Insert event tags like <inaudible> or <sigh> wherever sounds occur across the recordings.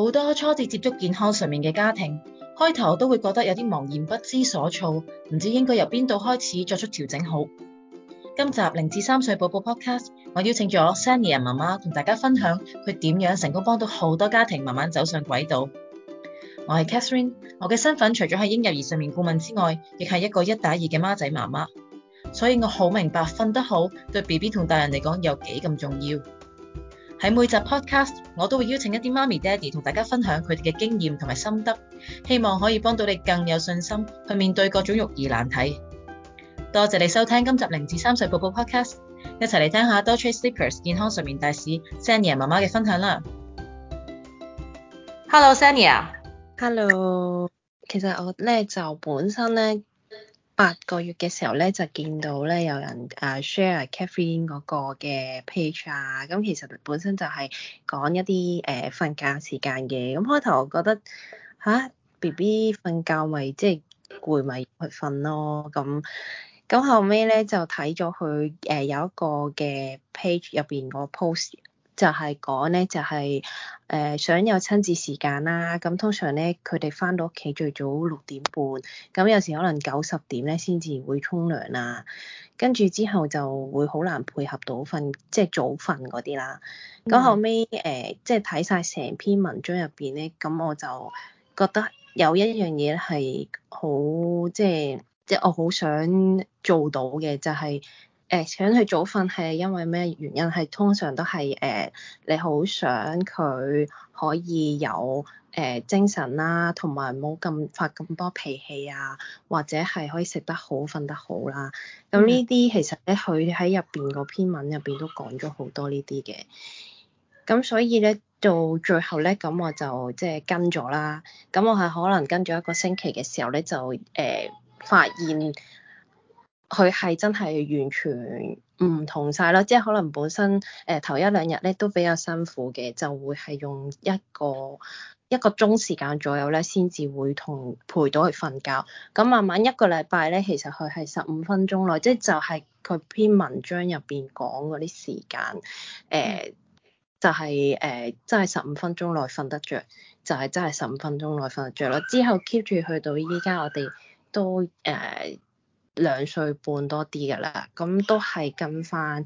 好多初次接觸健康睡眠嘅家庭，開頭都會覺得有啲茫然不知所措，唔知應該由邊度開始作出調整好。今集零至三歲寶寶 Podcast，我邀請咗 Xenia 媽媽同大家，分享，佢點樣成功幫到好多家庭慢慢走上軌道。我係 Catherine，我嘅身份除咗係嬰幼兒睡眠顧問之外，亦係一個一打二嘅孖仔媽媽，所以我好明白瞓得好對 B B 同大人嚟講有幾咁重要。喺每集 podcast，我都會邀請一啲媽咪爹哋同大家分享佢哋嘅經驗同埋心得，希望可以幫到你更有信心去面對各種育兒難題。多謝你收聽今集零至三歲寶寶 podcast，一齊嚟聽下 Doctor Sleepers 健康睡眠大使 Xenia 媽媽嘅分享啦。Hello，Xenia。Hello，其實我呢就本身呢。八個月嘅時候咧，就見到咧有人誒 share Catherine 嗰個嘅 page 啊，咁、嗯、其實本身就係講一啲誒瞓覺時間嘅，咁開頭我覺得吓 B B 瞓覺咪即係攰咪去瞓咯，咁、嗯、咁、嗯嗯、後尾咧就睇咗佢誒有一個嘅 page 入邊個 post。就係講咧，就係誒想有親子時間啦。咁通常咧，佢哋翻到屋企最早六點半，咁有時可能九十點咧先至會沖涼啦。跟住之後就會好難配合到瞓，即係早瞓嗰啲啦。咁後尾，誒、mm，即係睇晒成篇文章入邊咧，咁我就覺得有一樣嘢係好即係，即係我好想做到嘅，就係。誒請佢早瞓係因為咩原因？係通常都係誒、呃，你好想佢可以有誒、呃、精神啦、啊，同埋唔好咁發咁多脾氣啊，或者係可以食得好、瞓得好啦、啊。咁呢啲其實咧，佢喺入邊個篇文入邊都講咗好多呢啲嘅。咁所以咧，到最後咧，咁我就即係、就是、跟咗啦。咁我係可能跟咗一個星期嘅時候咧，就誒、呃、發現。佢係真係完全唔同晒咯，即係可能本身誒、呃、頭一兩日咧都比較辛苦嘅，就會係用一個一個鐘時間左右咧，先至會同陪到佢瞓覺。咁慢慢一個禮拜咧，其實佢係十五分鐘內，即係就係佢篇文章入邊講嗰啲時間，誒、呃、就係、是、誒、呃、真係十五分鐘內瞓得着，就係、是、真係十五分鐘內瞓得着咯。之後 keep 住去到依家，我哋都誒。兩歲半多啲㗎啦，咁都係跟翻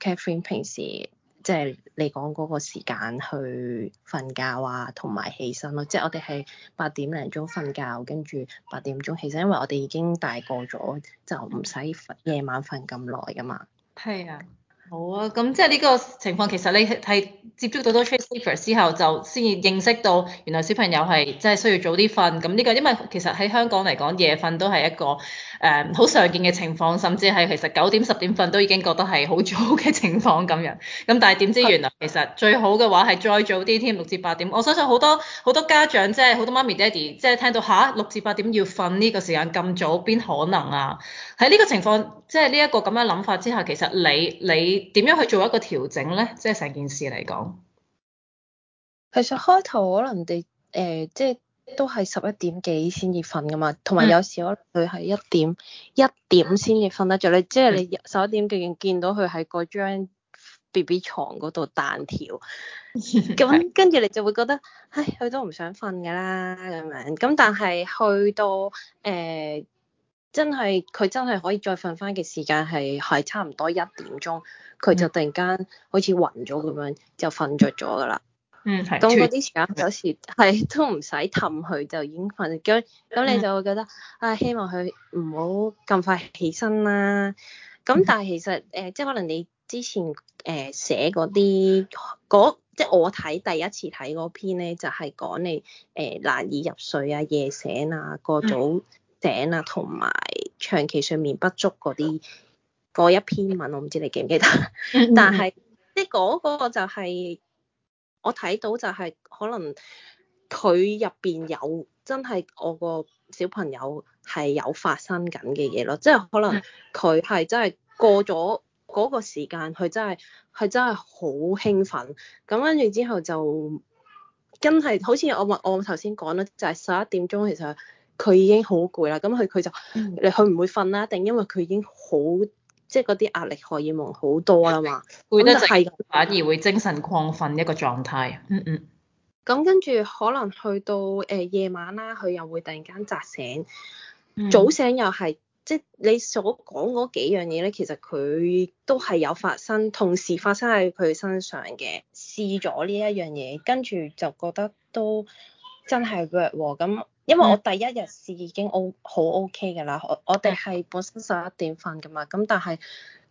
Catherine 平時即係、就是、你講嗰個時間去瞓覺啊，同埋起身咯、啊。即、就、係、是、我哋係八點零鐘瞓覺，跟住八點鐘起身，因為我哋已經大個咗，就唔使夜晚瞓咁耐㗎嘛。係啊。好啊，咁即係呢個情況，其實你係接觸到多 tracing paper 之後，就先認識到原來小朋友係真係需要早啲瞓。咁呢、這個因為其實喺香港嚟講，夜瞓都係一個誒好、嗯、常見嘅情況，甚至係其實九點十點瞓都已經覺得係好早嘅情況咁樣。咁但係點知原來其實最好嘅話係再早啲添，六至八點。我相信好多好多家長即係好多媽咪爹哋，即係、就是、聽到嚇六、啊、至八點要瞓呢個時間咁早，邊可能啊？喺呢個情況，即係呢一個咁樣諗法之下，其實你你。點樣去做一個調整咧？即係成件事嚟講，其實開頭可能你誒、呃、即係都係十一點幾先至瞓㗎嘛，同埋有，有時可能佢係一點一點先至瞓得着，即你即係你十一點幾見到佢喺嗰張 BB 床嗰度彈跳，咁跟住你就會覺得唉，佢都唔想瞓㗎啦咁樣。咁但係去到誒。呃真係佢真係可以再瞓翻嘅時間係係差唔多一點鐘，佢就突然間好似暈咗咁樣就瞓着咗噶啦。嗯，係。咁嗰啲時間有的時係都唔使氹佢就已經瞓咗，咁你就會覺得、嗯、啊希望佢唔好咁快起身啦。咁但係其實誒、呃、即係可能你之前誒、呃、寫嗰啲即係我睇第一次睇嗰篇咧，就係、是、講你誒、呃、難以入睡啊、夜醒啊、過早。嗯頂啊，同埋長期睡眠不足嗰啲嗰一篇文，我唔知你記唔記得？但係即係嗰個就係我睇到就係可能佢入邊有真係我個小朋友係有發生緊嘅嘢咯，即係可能佢係真係過咗嗰個時間，佢真係佢真係好興奮。咁跟住之後就真係好似我話我頭先講啦，就係十一點鐘其實。佢已經好攰啦，咁佢佢就，你佢唔會瞓啦，定因為佢已經好，即係嗰啲壓力荷爾蒙好多啦嘛，咁 <laughs> 就係反而會精神亢奮一個狀態。嗯嗯。咁跟住可能去到誒、呃、夜晚啦，佢又會突然間扎醒，嗯、早醒又係，即係你所講嗰幾樣嘢咧，其實佢都係有發生，同時發生喺佢身上嘅。試咗呢一樣嘢，跟住就覺得都真係弱喎，咁。因為我第一日試已經好 OK 㗎啦，我我哋係本身十一點瞓㗎嘛，咁但係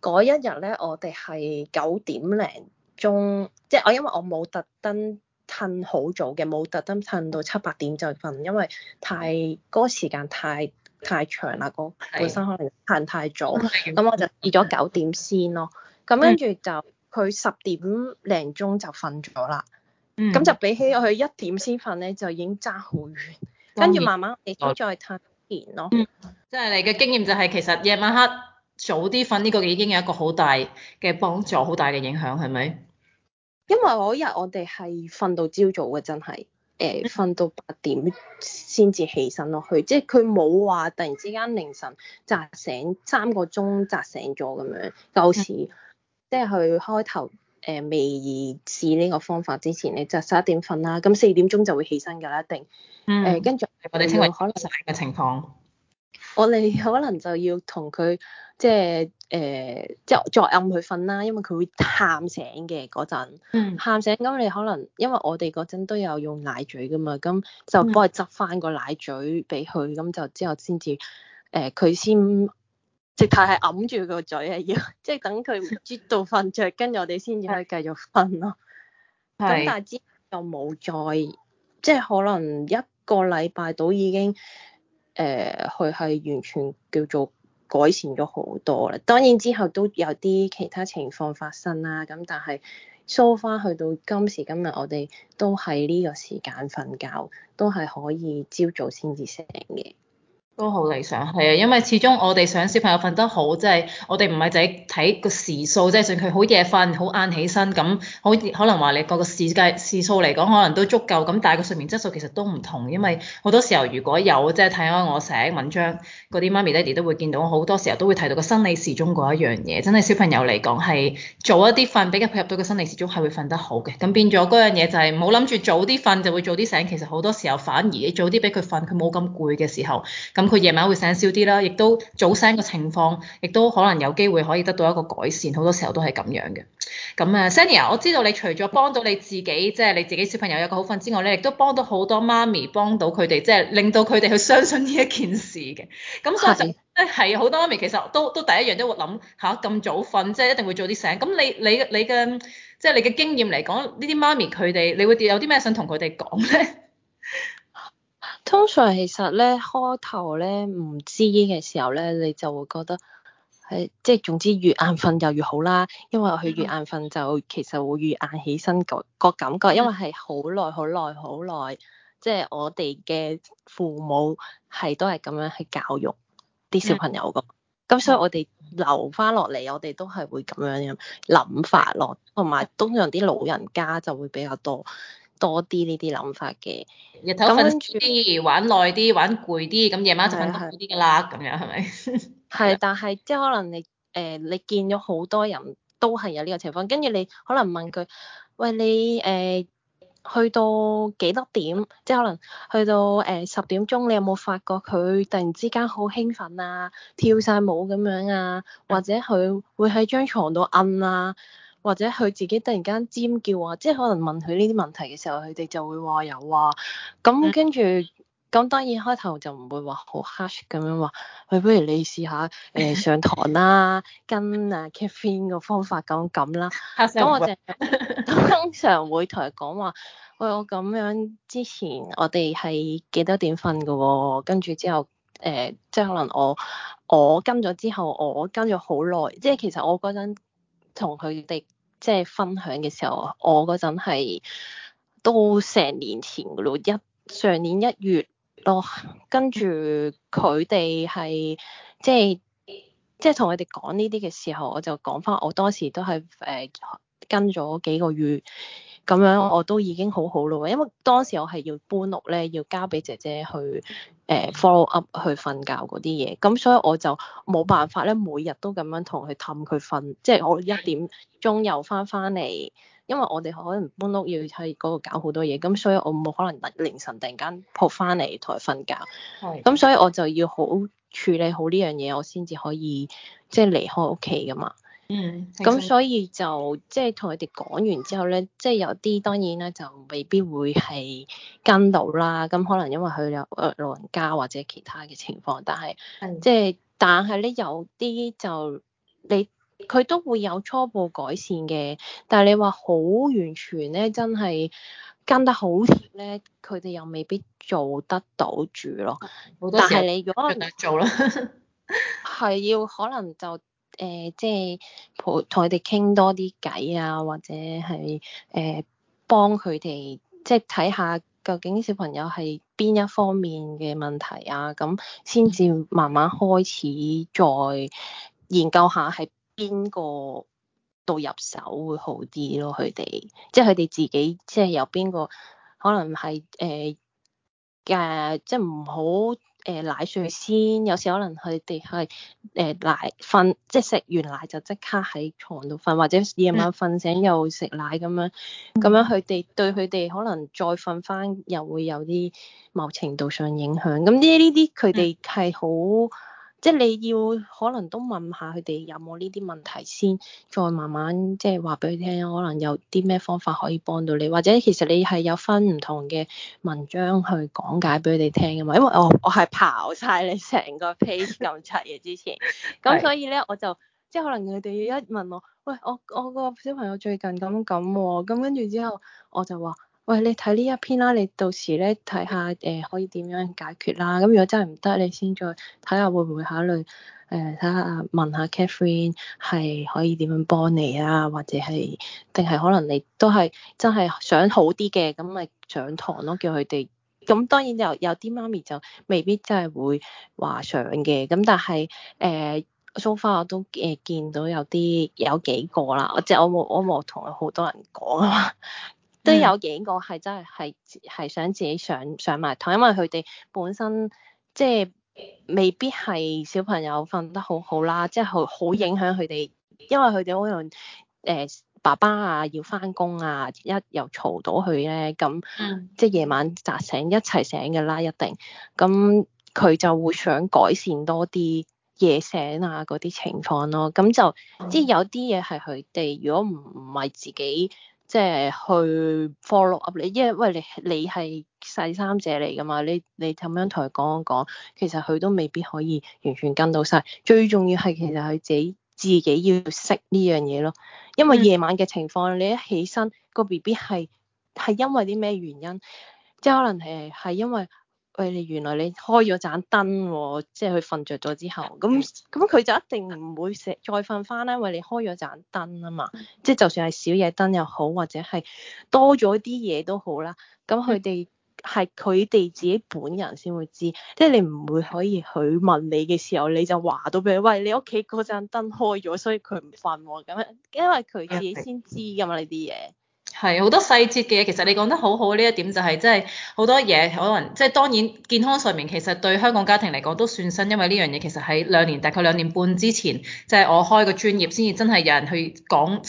嗰一日咧，我哋係九點零鐘，即係我因為我冇特登褪好早嘅，冇特登褪到七八點就瞓，因為太嗰、嗰個時間太太長啦，嗰本身可能瞓太早，咁的我就至咗九點先咯，咁跟住就佢十 <laughs> 點零鐘就瞓咗啦，咁、嗯、就比起我去一點先瞓咧，就已經爭好遠。.跟住慢慢你都再睇見咯，即係你嘅經驗就係、是、其實夜晚黑早啲瞓呢個已經有一個好大嘅幫助，好大嘅影響係咪？是是因為嗰日我哋係瞓到朝早嘅，真係誒瞓到八點先至起身落去，即係佢冇話突然之間凌晨扎醒三個鐘扎醒咗咁樣，舊時的即係佢開頭。誒未試呢個方法之前你就十一點瞓啦，咁四點鐘就會起身㗎啦，一定。嗯。誒，跟住我哋稱為可能實嘅情況。我哋可能就要同佢即係誒，即係助暗佢瞓啦，因為佢會喊醒嘅嗰陣。嗯。喊醒咁，你可能因為我哋嗰陣都有用奶嘴㗎嘛，咁就幫佢執翻個奶嘴俾佢，咁就之後先至誒，佢、呃、先。直頭係揞住個嘴係要，即係等佢唔知道瞓着，跟住我哋先至可以繼續瞓咯。咁 <laughs> 是但係之後又冇再，即係可能一個禮拜到已經，誒佢係完全叫做改善咗好多啦。當然之後都有啲其他情況發生啦，咁但係梳翻去到今時今日，我哋都喺呢個時間瞓覺，都係可以朝早先至醒嘅。都好理想，係啊，因為始終我哋想小朋友瞓得好，即係我哋唔係就係睇個時數，即係算佢好夜瞓，好晏起身咁，好可能話你個個時計時數嚟講可能都足夠，咁但係個睡眠質素其實都唔同，因為好多時候如果有，即係睇開我寫文章嗰啲媽咪爹哋都會見到，好多時候都會提到個生理時鐘嗰一樣嘢，真係小朋友嚟講係早一啲瞓比較配合到個生理時鐘係會瞓得好嘅，咁變咗嗰樣嘢就係冇諗住早啲瞓就會早啲醒，其實好多時候反而你早啲俾佢瞓，佢冇咁攰嘅時候咁。咁佢夜晚會醒少啲啦，亦都早醒嘅情況，亦都可能有機會可以得到一個改善，好多時候都係咁樣嘅。咁啊，Xenia，我知道你除咗幫到你自己，即係你自己小朋友有個好瞓之外咧，亦都幫到好多媽咪，幫到佢哋，即係令到佢哋去相信呢一件事嘅。咁所以就，誒係啊，好多媽咪其實都都第一樣都會諗嚇咁早瞓即係一定會早啲醒。咁你你你嘅即係你嘅經驗嚟講，呢啲媽咪佢哋，你會有啲咩想同佢哋講咧？通常其實咧，開頭咧唔知嘅時候咧，你就會覺得係即係總之越晏瞓就越好啦，因為佢越晏瞓就其實會越晏起身個感覺，因為係好耐好耐好耐，即係、就是、我哋嘅父母係都係咁樣去教育啲小朋友㗎，咁、嗯、所以我哋留翻落嚟，我哋都係會咁樣諗諗法咯，同埋通常啲老人家就會比較多。多啲呢啲諗法嘅，日頭瞓少啲，玩耐啲，玩攰啲，咁夜晚就瞓好啲㗎啦，咁樣係咪？係， <laughs> 但係即係可能你誒、呃，你見咗好多人都係有呢個情況，跟住你可能問佢，喂，你誒、呃、去到幾多點？即係可能去到誒十、呃、點鐘，你有冇發覺佢突然之間好興奮啊，跳晒舞咁樣啊，或者佢會喺張床度奀啊？或者佢自己突然間尖叫啊，即係可能問佢呢啲問題嘅時候，佢哋就會話有啊。咁跟住咁當然開頭就唔會話好 hush 咁樣話。喂，不如你試下誒上堂啦， <laughs> 跟啊 k a e r i n eKatherine 個方法咁咁啦。咁 <laughs> 我就是、 <laughs> 通常會同佢講話，喂，我咁樣之前我哋係幾多點瞓噶、哦？跟住之後誒、呃，即係可能我我跟咗之後，我跟咗好耐。即係其實我嗰陣同佢哋。即係分享嘅時候，我嗰陣係都成年前咯，一上年一月咯，跟住佢哋係即係即係同佢哋講呢啲嘅時候，我就講返我當時都係誒、呃、跟咗幾個月。咁樣我都已經好好咯，因為當時我係要搬屋咧，要交俾姐姐去誒、呃、follow up 去瞓覺嗰啲嘢，咁所以我就冇辦法咧，每日都咁樣同佢氹佢瞓，即係我一點鐘又翻返嚟，因為我哋可能搬屋要喺嗰度搞好多嘢，咁所以我冇可能凌晨突然間撲返嚟同佢瞓覺，咁所以我就要好處理好呢樣嘢，我先至可以即係、就是、離開屋企㗎嘛。嗯，咁、嗯、所以就即係同佢哋講完之後咧，即係、嗯、有啲當然咧就未必會係跟到啦，咁可能因為佢有誒老人家或者其他嘅情況，但係即係但係咧有啲就你佢都會有初步改善嘅，但係你話好完全咧，真係跟得好貼咧，佢哋又未必做得到住咯，嗯、好多時、但係你盡量做啦，係 <laughs> 要可能就。誒、呃，即係陪同佢哋傾多啲偈啊，或者係誒幫佢哋，即係睇下究竟小朋友係邊一方面嘅問題啊，咁先至慢慢開始再研究下係邊個度入手會好啲咯、啊。佢哋即係佢哋自己，即係由邊個可能係誒嘅，即係唔好。誒、呃、奶睡先，有時可能佢哋係誒奶瞓，即係食完奶就即刻喺床度瞓，或者夜晚瞓醒又食奶咁樣，咁樣佢哋對佢哋可能再瞓返又會有啲某程度上影響。咁呢呢啲佢哋係好。即係你要可能都問下佢哋有冇呢啲問題先，再慢慢即係話俾佢聽，可能有啲咩方法可以幫到你，或者其實你係有分唔同嘅文章去講解俾佢哋聽啊嘛。因為我我係刨晒你成個 page 咁齊嘅之前，咁 <laughs> 所以咧 <laughs> 我就即係可能佢哋要一問我，喂，我我個小朋友最近咁咁喎，咁跟住之後我就話。喂，你睇呢一篇啦，你到時咧睇下，誒、呃、可以點樣解決啦？咁如果真係唔得，你先再睇下會唔會考慮，誒、呃、睇下問下 Catherine 係可以點樣幫你啊，或者係定係可能你都係真係想好啲嘅，咁咪上堂咯，叫佢哋。咁當然有有啲媽咪就未必真係會話上嘅，咁但係誒 so far 我都誒見到有啲有幾個啦，即係我冇我冇同好多人講啊嘛。 <laughs> Mm hmm. 都有影過，係真係係係想自己上上埋堂，因為佢哋本身即係未必係小朋友瞓得好好啦，即係好好影響佢哋，因為佢哋可能誒爸爸啊要返工啊，一又嘈到佢咧，咁、mm hmm. 即係夜晚扎醒一齊醒嘅啦，一定咁佢就會想改善多啲夜醒啊嗰啲情況咯，咁就、mm hmm. 即係有啲嘢係佢哋如果唔係自己。即係去 follow up 你，因為餵你你係細三姐嚟噶嘛，你你咁樣同佢講一講，其實佢都未必可以完全跟到晒。最重要係其實佢自己自己要識呢樣嘢咯，因為夜晚嘅情況，你一起身，個 B B 係係因為啲咩原因？即係可能誒係因為。喂，你原來你開咗盞燈，即係佢瞓着咗之後，咁咁佢就一定唔會食再瞓翻啦，因為你開咗盞燈啊嘛，即係就算係小夜燈又好，或者係多咗啲嘢都好啦，咁佢哋係佢哋自己本人先會知，即係你唔會可以佢問你嘅時候，你就話到俾佢，喂，你屋企嗰盞燈開咗，所以佢唔瞓喎，咁樣因為佢自己先知㗎嘛呢啲嘢。係好多細節嘅嘢，其實你講得好好，呢一點就係即係好多嘢可能即係、就是、當然健康睡眠其實對香港家庭嚟講都算新，因為呢樣嘢其實喺兩年大概兩年半之前就係、是、我開個專業先至真係有人去講。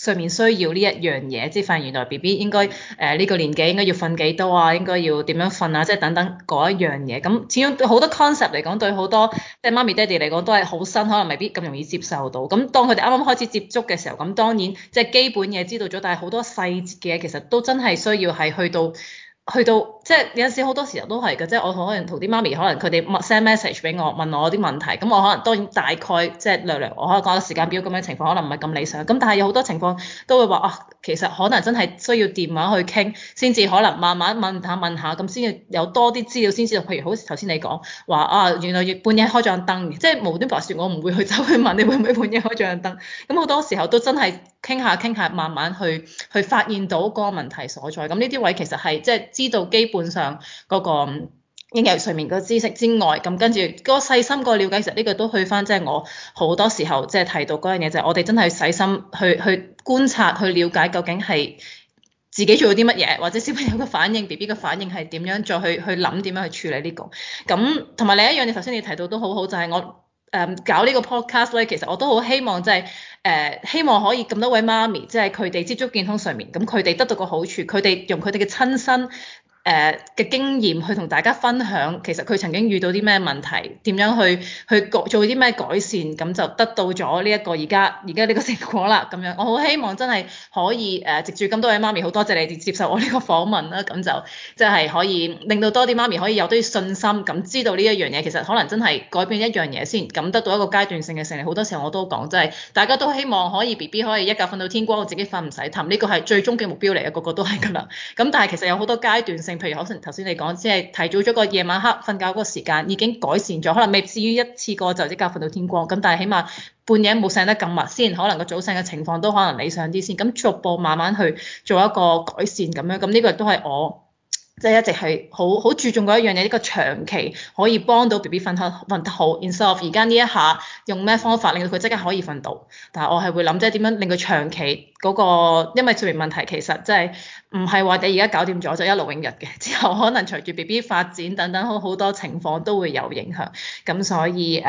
睡眠需要呢一樣嘢，即係發現原來 BB 應該誒呢個年紀應該要瞓幾多啊，應該要點樣瞓啊，即係等等嗰一樣嘢。咁始終都好多 concept 嚟講，對好多即係媽咪爹哋嚟講都係好新，可能未必咁容易接受到。咁當佢哋啱啱開始接觸嘅時候，咁當然即係基本嘢知道咗，但係好多細節嘅嘢其實都真係需要係去到去到。即係有陣時好多時候都係嘅，即係我可能同啲媽咪可能佢哋 send message 俾我，問我啲問題，咁我可能當然大概即係略略，我可能講得時間表咁樣情況，可能唔係咁理想。咁但係有好多情況都會話啊，其實可能真係需要電話去傾，先至可能慢慢問下問下，咁先有有多啲資料先知道。譬如好似頭先你講話啊，原來半夜開張燈，即係無端白事我唔會去走去問你會唔會半夜開張燈。咁好多時候都真係傾下傾下，慢慢去去發現到個問題所在。咁呢啲位其實係即係知道基本本上嗰個應有睡眠個知識之外，咁跟住個細心個了解，其實呢個都去翻，即係我好多時候即係提到嗰樣嘢，就係我哋真係細心去去觀察、去了解，究竟係自己做咗啲乜嘢，或者小朋友個反應、B B 嘅反應係點樣，再去去諗點樣去處理呢、呢個。咁同埋另一樣，你頭先你提到都好好，就係、係、我誒、嗯、搞呢個 podcast 咧，其實我都好希望即係誒，希望可以咁多位媽咪，即係佢哋接觸健康睡眠，咁佢哋得到個好處，佢哋用佢哋嘅親身。誒嘅、呃、經驗去同大家分享，其實佢曾經遇到啲咩問題，點樣去去做啲咩改善，咁就得到咗呢一個而家而家呢個成果啦。咁樣我好希望真係可以誒，藉住咁多位媽咪，好多謝你哋接受我呢個訪問啦。咁就即係、就是、可以令到多啲媽咪可以有啲信心，咁知道呢一樣嘢其實可能真係改變一樣嘢先，咁得到一個階段性嘅成。好多時候我都講，真、就、係、是、大家都希望可以 B B 可以一覺瞓到天光，我自己瞓唔使氹，呢、這個係最終嘅目標嚟啊，個個都係㗎啦。咁但係其實有好多階段性。譬如可能頭先你講，即係提早咗個夜晚黑瞓覺嗰個時間已經改善咗，可能未至於一次過就即刻瞓到天光，咁但係起碼半夜冇醒得咁密先，可能個早醒嘅情況都可能理想啲先，咁逐步慢慢去做一個改善咁樣，咁呢個都係我。即係一直係好好注重嗰一樣嘢，一個長期可以幫到 BB 瞓得瞓得好。In short，而家呢一下用咩方法令到佢即刻可以瞓到？但係我係會諗，即係點樣令佢長期嗰、那個，因為睡眠問題其實即係唔係話你而家搞掂咗就一勞永逸嘅。之後可能隨住 BB 發展等等，好好多情況都會有影響。咁所以誒，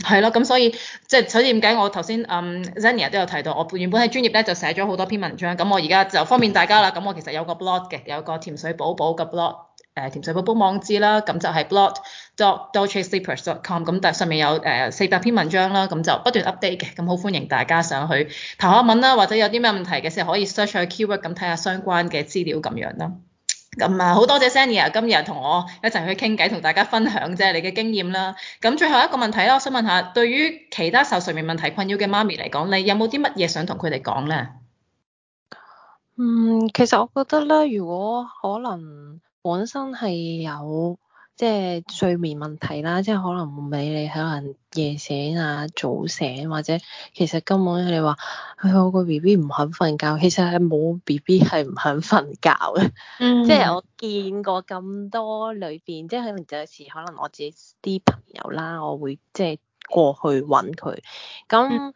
係、嗯、咯，咁所以即係、就是、所以點解我頭先嗯 Xenia 都有提到，我原本喺專業咧就寫咗好多篇文章。咁我而家就方便大家啦。咁我其實有個 blog 嘅，有個甜水寶寶咁。blog 誒，甜水寶寶網址啦，咁就係 blog.douchesleepers.com。咁但係上面有誒四百篇文章啦，咁就不斷 update 嘅，咁好歡迎大家上去睇下文啦，或者有啲咩問題嘅時候可以 search 下 keyword，咁睇下相關嘅資料咁樣啦。咁啊好多謝 Xenia 今日同我一齊去傾偈，同大家分享啫你嘅經驗啦。咁最後一個問題啦，我想問下，對於其他受睡眠問題困擾嘅媽咪嚟講，你有冇啲乜嘢想同佢哋講咧？嗯，其實我覺得咧，如果可能本身係有即係、就是、睡眠問題啦，即係可能唔理你可能夜醒啊、早醒或者其實根本你話，唉、哎、我個 B B 唔肯瞓覺，其實係冇 B B 係唔肯瞓覺嘅，嗯、即係我見過咁多裏邊，即係可能就有時可能我自己啲朋友啦，我會即係過去揾佢，咁。嗯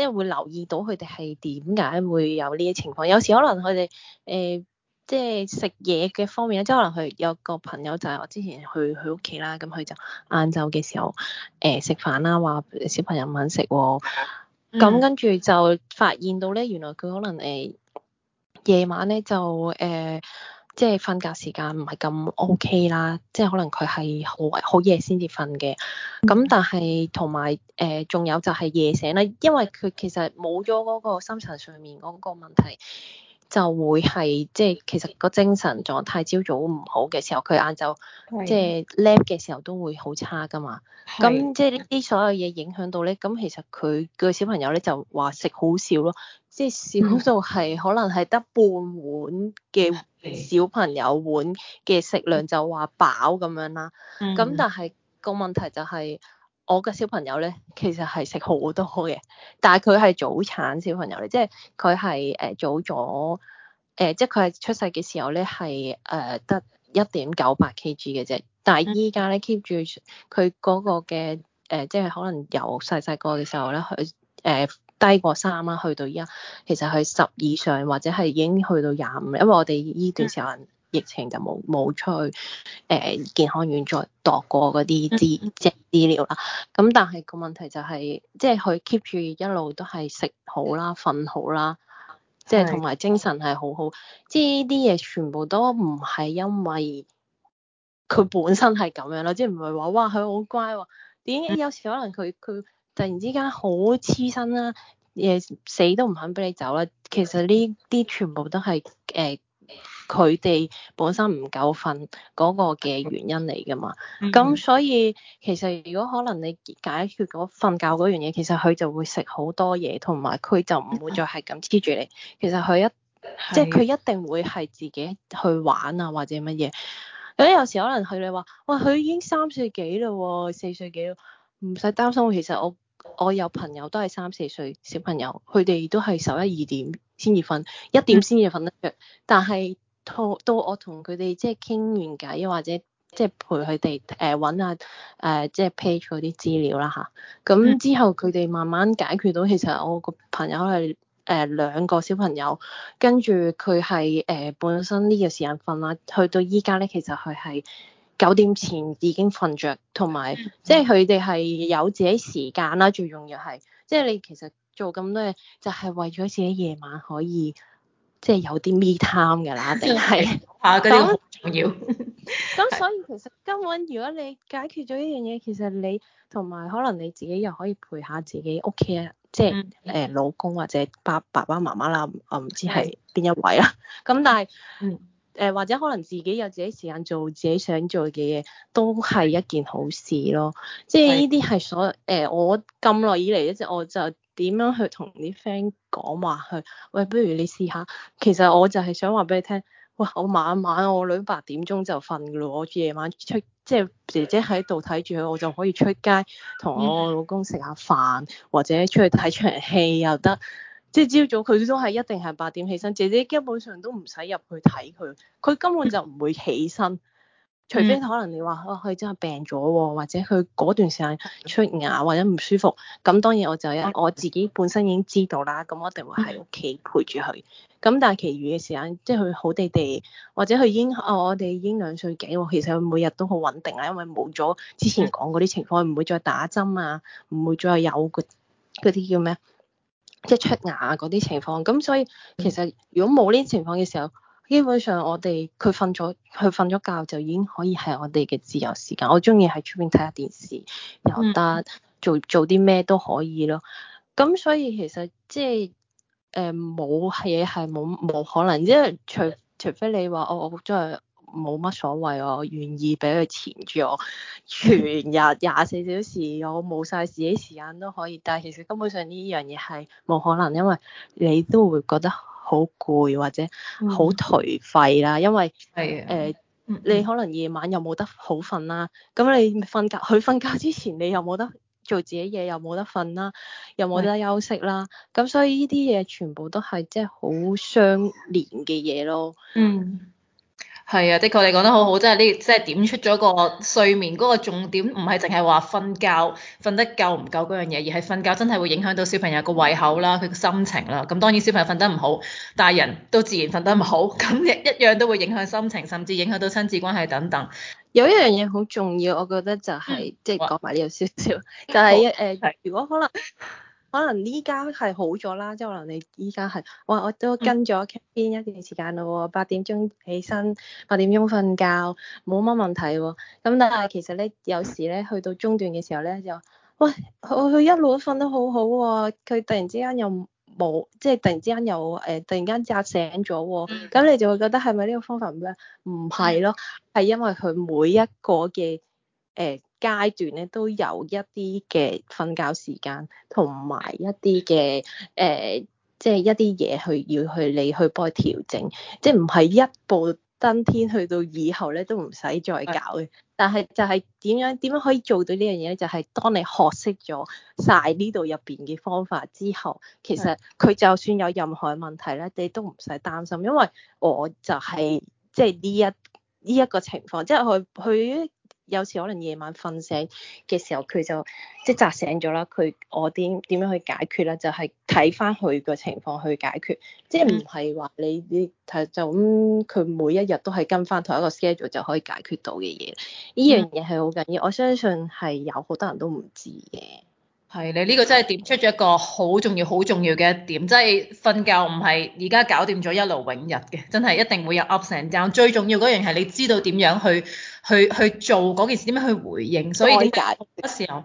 即係會留意到佢哋係點解會有呢啲情況，有時可能佢哋誒即係食嘢嘅方面咧，即係可能佢有個朋友就係我之前去佢屋企啦，咁佢就晏晝嘅時候誒食飯啦，話小朋友唔肯食喎，咁跟住就發現到咧，原來佢可能誒夜晚咧就誒。呃即係瞓覺時間唔係咁 O K 啦，即係可能佢係好好夜先至瞓嘅。咁但係同埋誒，仲有、呃、就係夜醒啦，因為佢其實冇咗嗰個深層上面嗰個問題，就會係即係其實個精神狀態朝早唔好嘅時候，佢晏晝即係 lab 嘅時候都會好差噶嘛。咁即係呢啲所有嘢影響到咧，咁其實佢個小朋友咧就話食好少咯，即係少到係 <laughs> 可能係得半碗嘅。 <noise> 小朋友碗嘅食量就話飽咁樣啦，咁、嗯、但係個問題就係、係、我嘅小朋友咧，其實係食好多嘅，但係佢係早產小朋友嚟，即係佢係誒早咗誒，即係佢係出世嘅時候咧係誒得一點九八 kg 嘅啫，但係依家咧 keep 住佢嗰個嘅誒，即、呃、係、就係、可能由細細個嘅時候咧佢誒。低過三啦、啊，去到一，其實佢十以上，或者係已經去到廿五。因為我哋呢段時間的疫情就冇冇出去誒、呃、健康院再度過嗰啲資即係治療啦。咁但係個問題就係、是，即係佢 keep 住一路都係食好啦、瞓好啦，即係同埋精神係好好。即係呢啲嘢全部都唔係因為佢本身係咁樣囉，即係唔係話哇佢好乖喎？點解有時可能佢佢。突然之間好黐身啦、啊，誒死都唔肯俾你走啦、啊。其實呢啲全部都係誒佢哋本身唔夠瞓嗰個嘅原因嚟噶㗎嘛。咁、mm hmm. 所以其實如果可能你解決嗰瞓覺嗰樣嘢，其實佢就會食好多嘢，同埋佢就唔會再係咁黐住你。 <laughs> 其實佢一的即係佢一定會係自己去玩啊或者乜嘢。咁有時可能佢哋話，喂，佢已經三歲幾啦、啊，四歲幾啦，唔使擔心。其實我。我有朋友都係三四歲小朋友，佢哋都係十一二點先至瞓，一點先至瞓得着。但係到到我同佢哋即係傾完偈，或者即係陪佢哋誒搵下誒、呃、即係 page 嗰啲資料啦吓。咁、啊、之後佢哋慢慢解決到，其實我個朋友係誒兩個小朋友，跟住佢係誒本身呢個時間瞓啦，去到依家咧，其實佢係。九點前已經瞓着，同埋即係佢哋係有自己時間啦。最重要係，即、就、係、是、你其實做咁多嘢，就係、是、為咗自己夜晚可以即係、就是、有啲 me time 㗎啦。定係嚇嗰啲好重要。咁所以其實今晚如果你解決咗呢樣嘢， <laughs> 其實你同埋可能你自己又可以陪下自己屋企人，即係誒老公或者爸爸爸媽媽啦。我、嗯、唔知係邊一位啦。咁 <laughs> 但係嗯。誒或者可能自己有自己時間做自己想做嘅嘢，都係一件好事咯。即係呢啲係所誒、呃，我咁耐以嚟一直我就點樣去同啲 friend 講話去，喂，不如你試下。其實我就係想話俾你聽，喂，我晚晚我女八點鐘就瞓㗎啦。我夜晚出，即係姐姐喺度睇住佢，我就可以出街同我老公食下飯，或者出去睇場戲又得。即係朝早佢都係一定係八點起身，姐姐基本上都唔使入去睇佢，佢根本就唔會起身，除非可能你話佢真係病咗喎，或者佢嗰段時間出牙或者唔舒服，咁當然我就一我自己本身已經知道啦，咁我一定會喺屋企陪住佢，咁但係其餘嘅時間即係佢好地地，或者佢已經哦我哋已經兩歲幾喎，其實佢每日都好穩定啊，因為冇咗之前講嗰啲情況，唔會再打針啊，唔會再有嗰嗰啲叫咩？一出牙嗰啲情況，咁所以其實如果冇呢啲情況嘅時候，基本上我哋佢瞓咗佢瞓咗覺就已經可以係我哋嘅自由時間。我中意喺出邊睇下電視，又得做做啲咩都可以咯。咁所以其實即係誒冇嘢係冇冇可能，因為除除非你話、哦、我我中意。冇乜所謂哦，我願意俾佢纏住我，全日廿四小時，我冇晒自己時間都可以。但係其實根本上呢樣嘢係冇可能，因為你都會覺得好攰或者好頹廢啦。嗯、因為係誒的、呃，你可能夜晚又冇得好瞓啦，咁你瞓覺佢瞓覺之前，你又冇得做自己嘢，又冇得瞓啦，又冇得休息啦。咁的所以呢啲嘢全部都係即係好相連嘅嘢咯。嗯。係啊，的確你講得好好，即係呢，即係點出咗個睡眠嗰個重點，唔係淨係話瞓覺瞓得夠唔夠嗰樣嘢，而係瞓覺真係會影響到小朋友個胃口啦，佢個心情啦。咁當然小朋友瞓得唔好，大人都自然瞓得唔好，咁亦一樣都會影響心情，甚至影響到親子關係等等。有一樣嘢好重要，我覺得就係即係講埋呢度少少，就係誒，如果可能。可能呢家係好咗啦，即係可能你依家係，哇！我都跟咗邊一段時間咯，八點鐘起身，八點鐘瞓覺，冇乜問題喎。咁但係其實咧，有時咧去到中段嘅時候咧，就喂，佢佢一路都瞓得好好、啊、喎，佢突然之間又冇，即、就、係、是、突然之間又誒、呃，突然間扎醒咗喎、啊。咁你就會覺得係咪呢個方法唔咩？唔係咯，係因為佢每一個嘅誒。呃階段咧都有一啲嘅瞓覺時間，同埋一啲嘅誒，即係一啲嘢去要去你去幫佢調整，即係唔係一步登天去到以後咧都唔使再搞嘅。是但係就係點樣點樣可以做到呢樣嘢咧？就係當你學識咗晒呢度入邊嘅方法之後，其實佢就算有任何問題咧，你都唔使擔心，因為我就係的即係呢一呢一,一個情況，即係佢佢。有時可能夜晚瞓醒嘅時候，佢就即係扎醒咗啦。佢我點點樣去解決咧？就係睇翻佢個情況去解決，即係唔係話你你睇就咁佢、嗯、每一日都係跟翻同一個 schedule 就可以解決到嘅嘢。呢樣嘢係好緊要，我相信係有好多人都唔知嘅。係，你呢個真係點出咗一個好重要、好重要嘅一點，即係瞓覺唔係而家搞掂咗一勞永逸嘅，真係一定會有 up and down。最重要嗰樣係你知道點樣去去去做嗰件事，點樣去回應。所以點解好多時候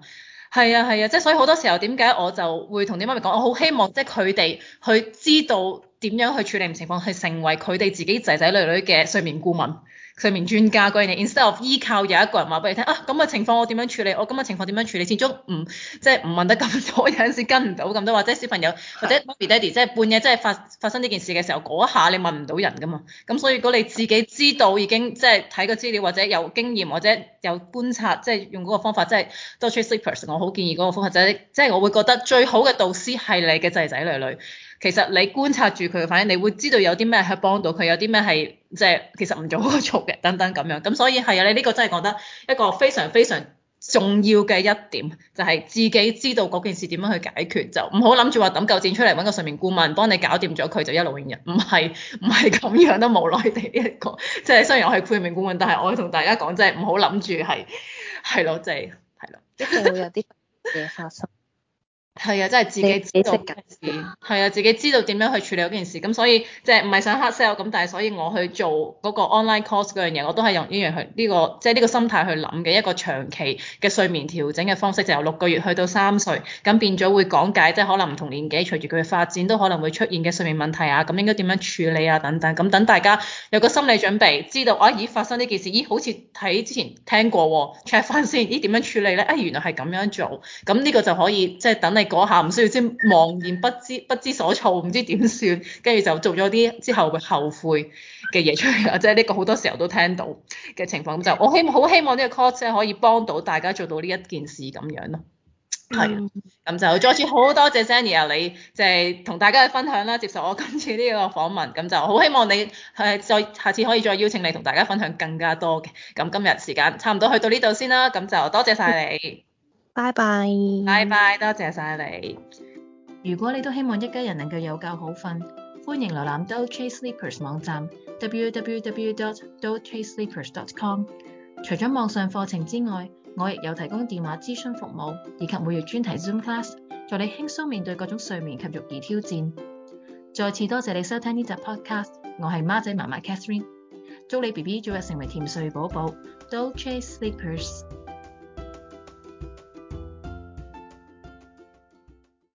係啊係啊，即係所以好多時候點解我就會同啲媽咪講，我好希望即係佢哋去知道。點樣去處理情況，係成為佢哋自己仔仔女女嘅睡眠顧問、睡眠專家嗰樣 instead of 依靠有一個人話俾你聽啊，咁嘅情況我點樣處理，我咁啊情況點樣處理，始終唔即係唔問得咁多，有陣時跟唔到咁多，或者小朋友的或者媽咪爹哋，即係半夜即係發發生呢件事嘅時候，嗰一下你問唔到人噶嘛，咁所以如果你自己知道已經即係睇個資料，或者有經驗，或者有觀察，即係用嗰個方法，即係多出 steps，我好建議嗰個方法，即係即係我會覺得最好嘅導師係你嘅仔仔女女。其實你觀察住佢嘅反應，你會知道有啲咩係幫到佢，有啲咩係即係其實唔做嗰種嘅，等等咁樣。咁所以係啊，你呢個真係講得一個非常非常重要嘅一點，就係自己知道嗰件事點樣去解決，就唔好諗住話揼夠錢出嚟揾個睡眠顧問幫你搞掂咗佢就一路應人。唔係唔係咁樣都無奈地一個。即係雖然我係睡眠顧問，但係我同大家講真，唔好諗住係係咯，即係係咯，即係會有啲嘢發生。 <laughs> 係啊，真係自己知道件事，係啊，自己知道點樣去處理嗰件事。咁所以即係唔係想 hard sell 咁，但係所以我去做嗰個 online course 嗰樣嘢，我都係用呢樣去呢個，即係呢個心態去諗嘅一個長期嘅睡眠調整嘅方式，就由六個月去到三歲，咁變咗會講解即係可能唔同年紀隨住佢嘅發展都可能會出現嘅睡眠問題啊，咁應該點樣處理啊等等。咁等大家有個心理準備，知道啊、哎、咦發生呢件事，咦好似睇之前聽過 check 翻先，咦點樣處理咧？啊、哎、原來係咁樣做，咁呢個就可以即係等你。嗰下唔需要先茫然不知不知所措，唔知點算，跟住就做咗啲之後會後悔嘅嘢出嚟啊！即係呢個好多時候都聽到嘅情況，咁就我希好希望呢個 course 可以幫到大家做到呢一件事咁樣咯。係，咁、嗯、就再次好多謝 Xenia 你即係同大家嘅分享啦，接受我今次呢個訪問，咁就好希望你係再下次可以再邀請你同大家分享更加多嘅。咁今日時間差唔多去到呢度先啦，咁就多謝晒你。 <laughs> 拜拜，拜拜，多謝晒你。如果你都希望一家人能夠有覺好瞓，歡迎瀏覽 d o h c a s e Sleepers 網站 w w w d o h c a s e sleepers.com。除咗網上課程之外，我亦有提供電話諮詢服務以及每月專題 Zoom class，助你輕鬆面對各種睡眠及育兒挑戰。再次多謝你收聽呢集 podcast，我係孖仔媽媽 Catherine，祝你 B B 早日成為甜睡寶寶 d o h c a s e Sleepers。